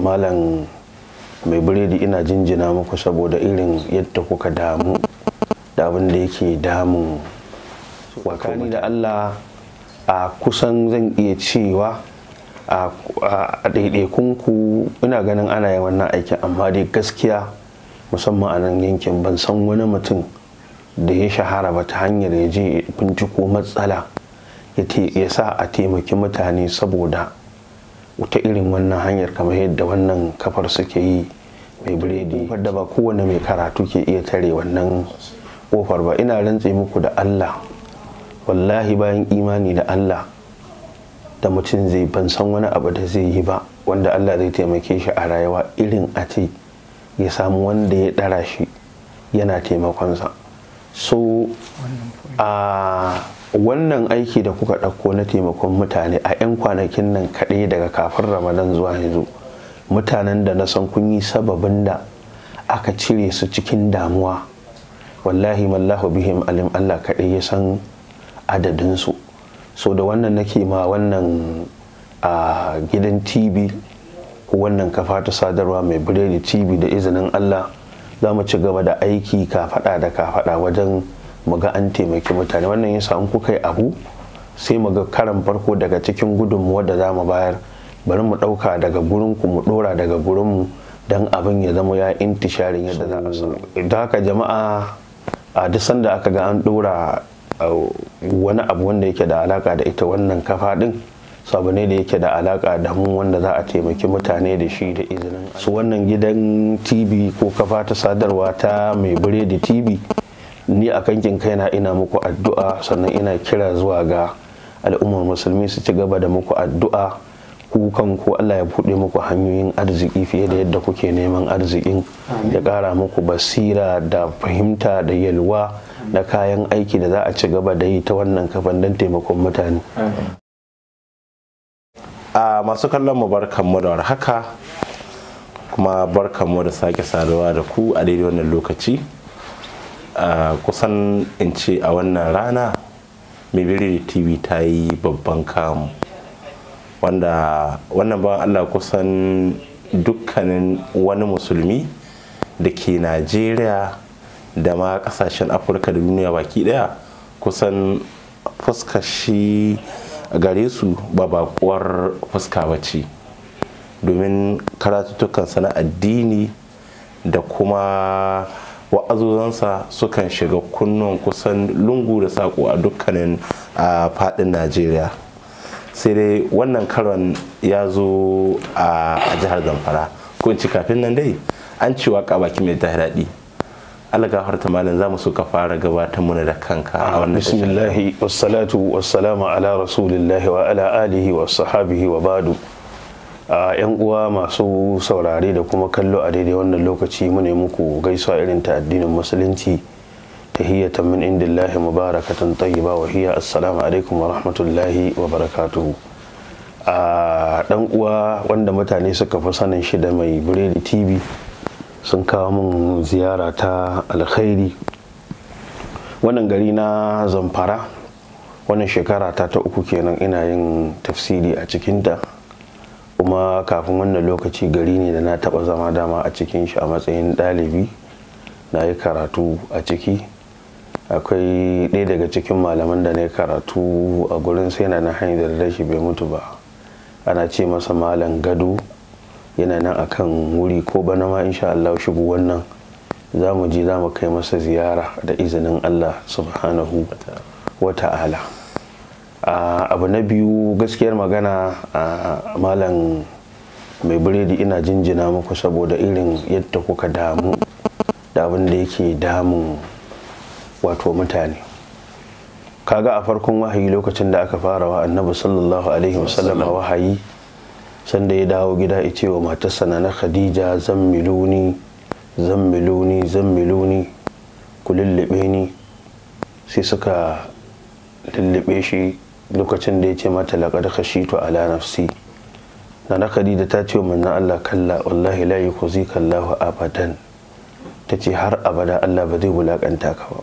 malam mai biredi ina jinjina muku saboda irin yadda kuka damu da abin da yake damu wakani da allah a kusan zan iya cewa a ɗaiɗaikunku ina ganin ana yi wannan aikin amma dai gaskiya musamman a nan yankin ban san wani mutum da ya shahara ba ta hanyar ya je binciko matsala ya sa a taimaki mutane saboda wata irin wannan hanyar kamar yadda wannan kafar suke yi mai biredi kofar ba kowane mai karatu ke iya tare wannan kofar ba ina rantse muku da Allah wallahi bayan imani da Allah da mutum zai ban san wani abu da zai yi ba wanda Allah zai taimake shi a rayuwa irin a ce ya samu wanda ya ɗara shi yana taimakonsa so a wannan aiki da kuka ɗauko na taimakon mutane a 'yan kwanakin nan kaɗai daga kafin ramadan zuwa yanzu mutanen da na san kun yi sababin da aka cire su cikin damuwa wallahi mallahu bihim alim allah kaɗai ya san adadinsu so da wannan nake ma wannan a gidan tv ko wannan kafa ta sadarwa mai biredi tv da izinin allah za mu ci gaba da aiki kafaɗa da kafaɗa wajen muga an taimaki mutane wannan yasa in kuka yi abu sai mu ga karan farko daga cikin gudunmuwa da za mu bayar bari mu ɗauka daga gurin ku mu ɗora daga gurin mu don abin ya zama ya intisharin yadda za a da haka jama'a a duk sanda aka ga an ɗora wani abu wanda yake da alaka da ita wannan kafa din sabu ne da yake da alaka da mu wanda za a taimaki mutane da shi da izinin su wannan gidan tv ko kafa ta sadarwa ta mai biredi tv ni a kankin kai na ina muku addu'a sannan ina kira zuwa ga al'ummar musulmi su ci gaba da muku addu'a ku kanku Allah ya buɗe muku hanyoyin arziki fiye da yadda kuke neman arzikin ya ƙara muku basira da fahimta da yalwa da kayan aiki da za a ci gaba da yi ta wannan kafan don taimakon mutane a masu kallon mu barkanmu da warhaka kuma barkanmu da sake saduwa da ku a daidai wannan lokaci kusan in ce a wannan rana maibiri tv ta yi babban kamu wanda wannan ba allah kusan dukkanin wani musulmi da ke najeriya da ma kasashen afirka da duniya baki daya kusan fuskar shi gare su ba bakuwar fuska bace domin domin karatuttukansa na addini da kuma azuzansa sukan shiga kunnuwan kusan lungu da saƙo a dukkanin a faɗin najeriya sai dai wannan karon ya zo a jihar zamfara ko ci kafin nan dai an ci waka baki mai daɗi algafar ta malam za mu so ka fara gabatar muna da kanka a wannan bismillahi wassalatu wassalamu ala rasulillahi wa ala alihi wa sahabihi wa badu 'yan uwa masu saurare da kuma kallo a daidai wannan lokaci mu ne muku gaisuwa irin ta addinin musulunci tahiyyatan min indillahi mubarakatan tayyiba wa hiya assalamu alaikum wa rahmatullahi wa barakatu. a dan uwa wanda mutane suka fi sanin shi da mai biredi tv sun kawo min ziyara ta alkhairi wannan gari na zamfara wannan shekara ta ta uku kenan ina yin tafsiri a cikinta kuma kafin wannan lokaci gari ne da na taɓa zama dama a cikin shi a matsayin ɗalibi na yi karatu a ciki akwai ɗaya daga cikin malaman da na yi karatu a gurin sai na na hanyar da shi bai mutu ba ana ce masa malam gado yana nan akan wuri ko bana ma insha Allah shigo wannan za mu je za mu kai masa ziyara da izinin Allah subhanahu wa ta'ala abu na biyu gaskiyar magana a malam mai biredi ina jinjina muku saboda irin yadda kuka damu da abin da yake damun wato mutane kaga a farkon wahayi lokacin da aka fara wa annabi sallallahu alaihi wasallama wahayi sanda ya dawo gida ya ce wa matarsa na na khadija zan miluni zan miluni zan miluni ku lullube ni sai suka lullube shi lokacin da ya ce mata laƙar to ala nafsi na nakari da ta ce wa manna Allah kalla wallahi la zai kallahu abadan ta ce har abada Allah ba zai wulakanta ka ba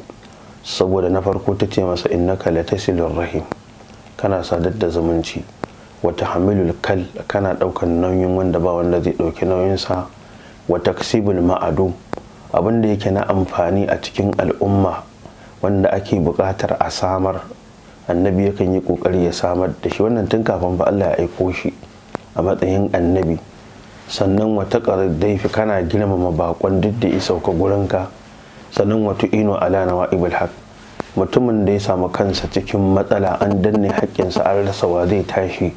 saboda na farko ta ce masa innaka latasilur rahim kana sadar da zumunci wata hamilul kal kana ɗaukar nauyin wanda ba wanda zai ɗauki nauyinsa wa taksibul ma'adu abin da yake na amfani a cikin al'umma wanda ake buƙatar a samar annabi yakan yi kokari ya samar da shi wannan tun kafin ba Allah ya aiko shi a matsayin annabi sannan wata daifi kana girmama bakon duk da ya sauka ka sannan watu ino ala na wa'ibul haq mutumin da ya samu kansa cikin matsala an danne haƙƙinsa an rasa wa zai tashi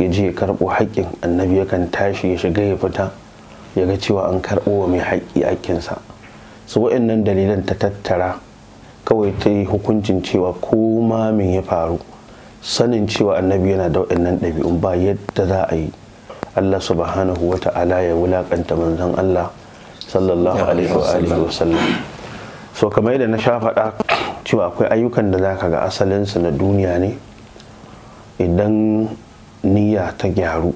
ya je ya karɓo haƙƙin annabi yakan tashi ya shiga ya fita ya ga cewa an karɓo wa mai haƙƙi haƙƙinsa su wa'annan dalilan ta tattara kawai ta yi hukuncin cewa ko ma ya faru sanin cewa annabi yana da waɗannan ɗabi'un ba yadda za a yi Allah subhanahu wa ta'ala ya wulaƙanta manzon Allah sallallahu alaihi wa alihi wa sallam so kamar yadda na sha faɗa cewa akwai ayyukan da zaka ga asalinsu na duniya ne idan niyya ta gyaru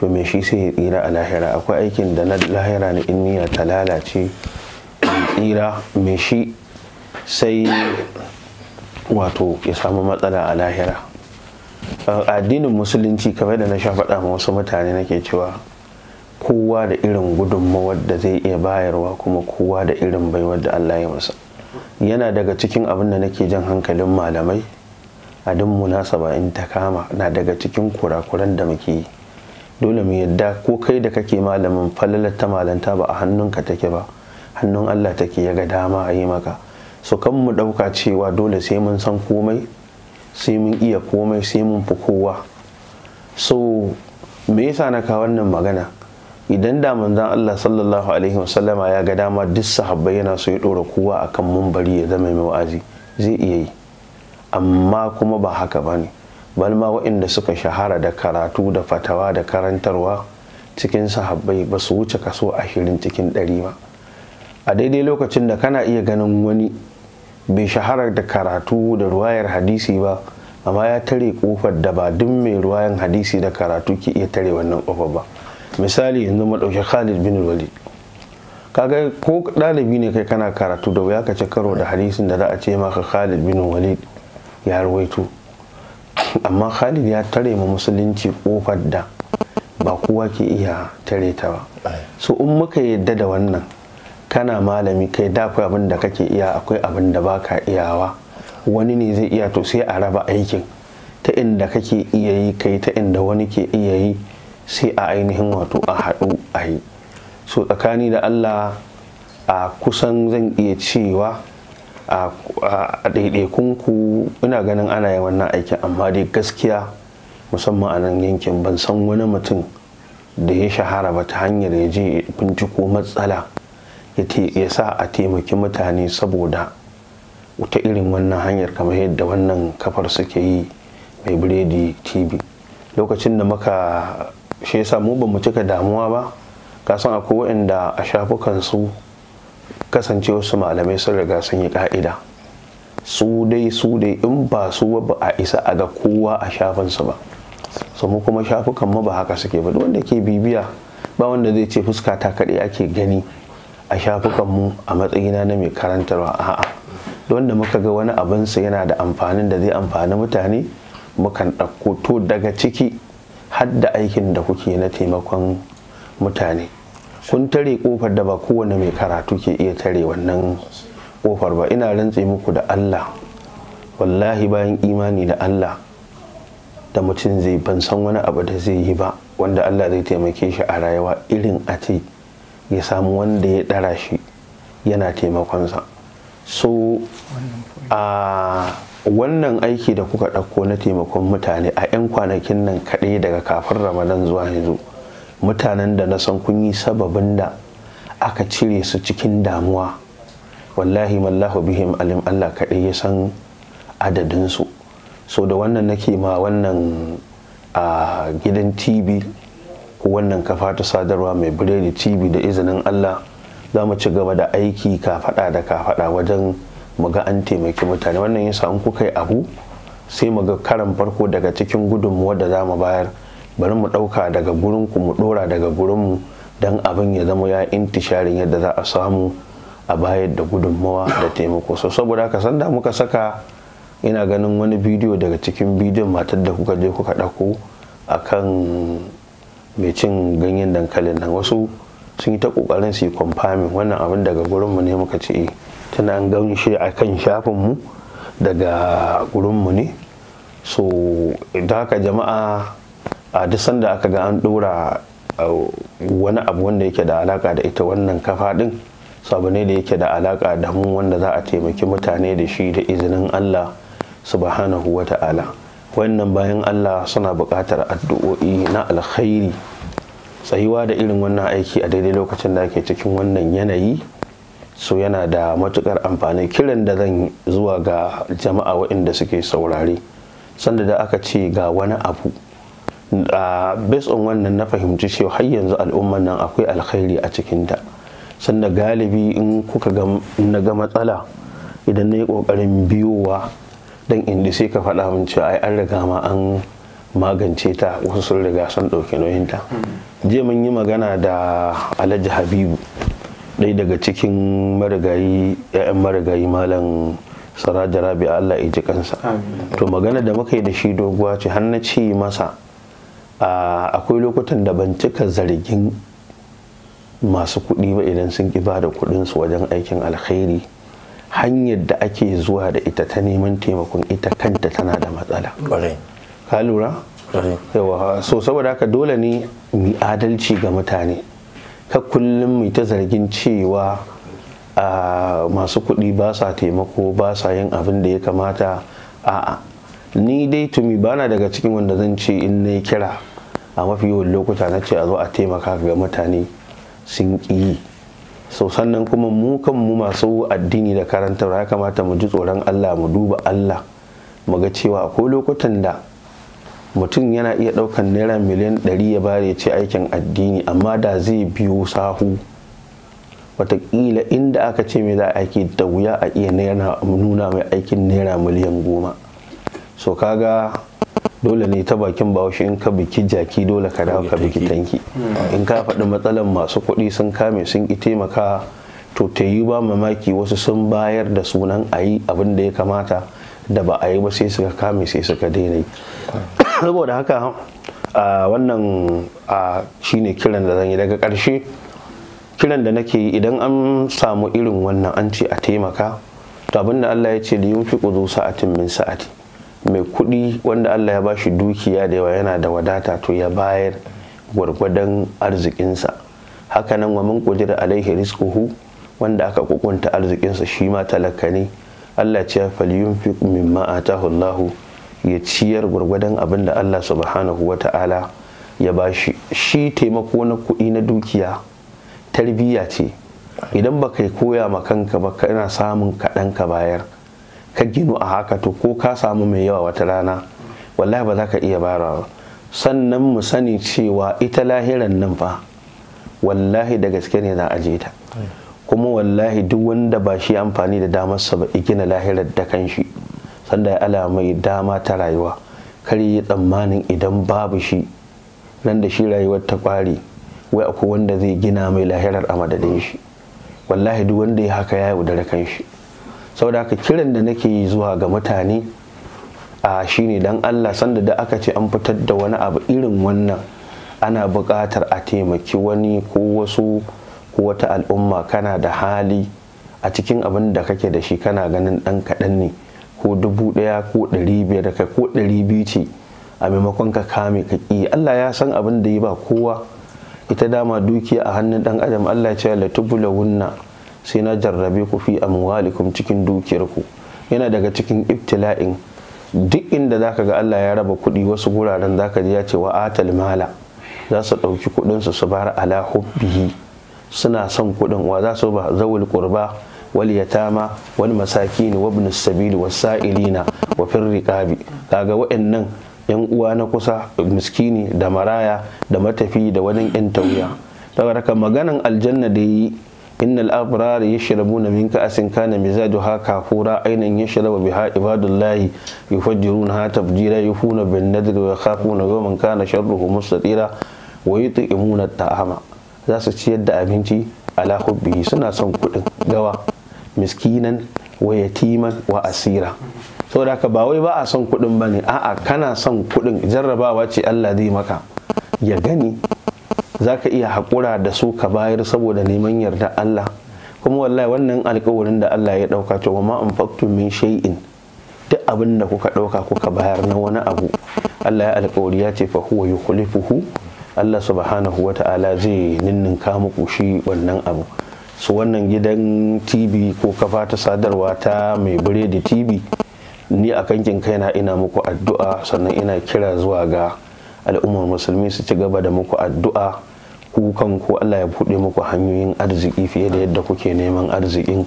to me shi sai tsira a lahira akwai aikin da na lahira ne in niyya ta lalace tsira me shi sai wato ya samu matsala a lahira a addinin musulunci kamar da na sha faɗa ma wasu mutane nake cewa kowa da irin gudunmawar da zai iya bayarwa kuma kowa da irin baiwar da Allah ya masa yana daga cikin abin da nake jan hankalin malamai a duk munasaba in ta kama na daga cikin kurakuran da muke yi dole mu yadda ko kai da kake malamin falalar ta malanta ba a hannunka take ba hannun Allah take ya ga dama a yi maka su kan mu ɗauka cewa dole sai mun san komai sai mun iya komai sai mun fi kowa so me yasa na ka wannan magana idan da manzon Allah sallallahu alaihi wasallama ya ga dama duk sahabbai yana so ya ɗora kowa akan munbari ya zama mai wa'azi zai iya yi amma kuma ba haka bane ne balma waɗanda suka shahara da karatu da fatawa da karantarwa cikin sahabbai ba su wuce kaso ashirin cikin ɗari ba a daidai lokacin da kana iya ganin wani bai shaharar da karatu da ruwayar hadisi ba amma ya tare kofar da ba duk mai ruwayan hadisi da karatu ke iya tare wannan kofa ba misali yanzu mu khalid bin walid kaga ko ɗalibi ne kai kana karatu da wuya ka ci karo da hadisin da za a ce maka khalid bin walid ya ruwaito amma khalid ya tare ma musulunci kofar da ba kowa ke iya tare ta ba so in muka yadda da wannan kana malami kai da akwai abin da kake iya akwai abin da baka iyawa wani ne zai iya to sai a raba aikin ta inda kake iya yi kai ta inda wani ke iya yi sai a ainihin wato a haɗu a yi so tsakani da allah a kusan zan iya cewa a ɗaiɗaikunku ina ganin ana yi wannan aikin amma dai gaskiya musamman a nan yankin ban san wani mutum da ya shahara ba ta hanyar ya je binciko matsala ya sa a taimaki mutane saboda ta irin wannan hanyar kamar yadda wannan kafar suke yi mai biredi tv lokacin da muka shi yasa mu ba mu cika damuwa ba kasan akwai waɗanda a shafukan su kasance wasu malamai sun riga sun yi ka'ida su dai su dai in ba su ba a isa a ga kowa a shafinsu ba su mu kuma shafukan mu ba haka suke ba wanda ke bibiya ba wanda zai ce fuska ta kaɗai ake gani a shafukanmu a matsayina na mai karantarwa a'a don da muka ga wani abinsa yana da amfanin da zai amfani mutane mukan ɗauko to daga ciki har da aikin da kuke na taimakon mutane kun tare kofar da ba kowane mai karatu ke iya tare wannan kofar ba ina rantse muku da allah wallahi bayan imani da allah da mutum zai ban san wani abu da zai yi ba wanda allah zai taimake shi a rayuwa irin a ce ya samu wanda ya ɗara shi yana taimakonsa so a wannan aiki da kuka ɗauko na taimakon mutane a 'yan kwanakin nan kaɗai daga kafin ramadan zuwa yanzu mutanen da na san kun yi sababin da aka cire su cikin damuwa wallahi mallahu bihim alim allah kaɗai ya san adadinsu so da wannan nake ma wannan a gidan tv wannan kafa ta sadarwa mai biredi tv da izinin allah za mu ci gaba da aiki kafaɗa da kafaɗa wajen mu ga an taimaki mutane wannan yasa in kuka yi abu sai mu ga karan farko daga cikin gudunmuwa da za mu bayar bari mu ɗauka daga gurinku mu ɗora daga gurinmu don abin ya zama ya intisharin yadda za a samu a bayar da gudunmawa da taimako so saboda haka sanda muka saka ina ganin wani bidiyo daga cikin bidiyon matar da kuka je kuka ɗauko akan mai cin ganyen dankalin nan wasu sun yi ta kokarin su yi wannan abin daga gurinmu ne muka ce eh, tana an gani shi a kan shafinmu daga gurin mu ne so da haka jama'a a duk sanda aka ga an dora wani abu wanda yake da alaka da ita wannan kafa din sabu ne da yake da alaka da mu wanda za a taimaki mutane da shi da izinin allah subhanahu wa ta'ala wannan bayan allah suna buƙatar addu'o'i na alkhairi tsayuwa da irin wannan aiki a daidai lokacin da ake cikin wannan yanayi so yana da matukar amfani kiran da zan zuwa ga jama'a waɗanda suke saurare sanda da aka ce ga wani abu a based on wannan na fahimci cewa har yanzu al'ummar nan akwai alkhairi a cikin ta sanda galibi in kuka na ga matsala idan na yi ƙoƙarin biyowa dan inda sai ka faɗa min cewa ai an riga ma an magance ta wasu sun riga sun ɗauki nauyinta jiya mun yi magana da alhaji habibu ɗaya daga cikin marigayi 'ya'yan marigayi malam saraja rabi allah ya ji kansa to magana da muka yi da shi doguwa ce har na ci masa akwai lokutan da ban cika zargin masu kuɗi ba idan sun ƙi ba da kuɗinsu wajen aikin alkhairi hanyar da ake zuwa da ita ta neman taimakon ita kanta tana da matsala ka lura yawa so saboda haka dole ne mu adalci ga mutane ka kullum mu ta zargin cewa a masu kuɗi ba sa taimako ba sa yin abin da ya kamata a'a ni dai tumi bana daga cikin wanda zan ce in na kira a mafi yawan lokuta na ce a zo a taimaka ga mutane sun ƙi so sannan kuma mu kanmu masu addini da karantarwa ya kamata mu ji tsoron Allah mu duba Allah mu ga cewa akwai lokutan da mutum yana iya ɗaukan naira miliyan ɗari ya bare ce aikin addini amma da zai biyo sahu watakila inda aka ce mai za a aiki da wuya a iya nuna mai aikin naira miliyan goma so kaga dole ne ta bakin bahaushe in ka biki jaki dole ka dawo ka biki tanki in ka faɗi matsalan masu kuɗi sun kame sun ki taimaka to ta yi ba mamaki wasu sun bayar da sunan a yi abin da ya kamata da ba a yi ba sai suka kame sai suka daina yi. saboda haka wannan shine kiran da zan yi daga ƙarshe kiran da nake yi idan an samu irin wannan an ce a taimaka to abinda Allah ya ce da fiƙo zo sa'atin min sa'ati mai kuɗi wanda Allah ya bashi dukiya da yawa yana da wadata to ya bayar gwargwadon arzikinsa hakanan wa min qudira alaihi rizquhu wanda aka kukunta arzikinsa shi ma talaka ne Allah ya ce falyunfiq mimma atahu Allahu ya ciyar gwargwadon abin da Allah subhanahu wa ta'ala ya ba shi shi taimako na kuɗi na dukiya tarbiyya ce idan ba kai koya ma kanka ba kana samun kaɗan ka bayar ka ginu a haka to ko ka samu mai yawa wata rana wallahi ba za ka iya bara ba sannan mu sani cewa ita lahiran nan fa wallahi da gaske ne za a je ta kuma wallahi duk wanda ba shi amfani da damarsa ba igina lahirar da shi. sanda ya ala mai dama ta rayuwa kar yi tsammanin idan babu shi nan da shi rayuwar ta kware wai akwai wanda zai gina mai lahirar a madadin shi wallahi duk wanda ya haka ya yaudare kan shi saboda haka kiran da nake yi zuwa ga mutane a shine dan Allah sanda da aka ce an fitar da wani abu irin wannan ana buƙatar a taimaki wani ko wasu ko wata al'umma kana da hali a cikin abin da kake da shi kana ganin ɗan kaɗan ne ko dubu ɗaya ko ɗari biyar kai ko ɗari biyu ce a maimakon ka kame ka ƙi Allah ya san abin da yi ba kowa ita dama dukiya a hannun ɗan adam Allah ce la tubula wunna sai na jarrabe ku fi amwalikum cikin dukiyar ku yana daga cikin ibtila'in duk inda zaka ga Allah ya raba kuɗi wasu guraren zaka ji ya ce wa atal mala za su ɗauki kuɗinsu su bara ala hubbihi suna son kuɗin wa za su ba zawul qurba wal yatama wal masakin wa ibn sabil wasailina wa fir riqabi kaga waɗannan yan uwa na kusa miskini da maraya da matafi da wajen yan tauya daga haka maganan aljanna da yi innal abrar yashrabuna min ka'sin kana mizajuha kafura ainan yashrabu biha ibadullahi yufajjiruna tabjira yufuna bin nadri wa yakhafuna yawman kana sharruhu mustatira wa yut'imuna at'ama za su ciyar da abinci ala hubbi suna son kuɗin gawa miskinan wa yatiman wa asira da haka ba wai ba a son kuɗin ba ne a'a kana son kuɗin jarrabawa ce Allah zai maka ya gani za ka iya haƙura da su ka bayar saboda neman yarda Allah kuma wallahi wannan alkawarin da Allah ya ɗauka to ma an min shay'in duk abin da kuka ɗauka kuka bayar na wani abu Allah ya alkawari ya ce fa huwa yukhlifuhu Allah subhanahu wa ta'ala zai ninninka muku shi wannan abu su wannan gidan tv ko kafa ta sadarwa ta mai biredi tv ni a kankin kaina ina muku addu'a sannan ina kira zuwa ga al'ummar musulmi su ci gaba da muku addu'a ku kanku Allah ya buɗe muku hanyoyin arziki fiye da yadda kuke neman arzikin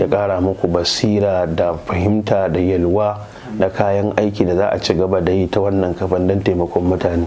ya ƙara muku basira da fahimta da yalwa da kayan aiki da za a ci gaba da yi ta wannan kafan don taimakon mutane.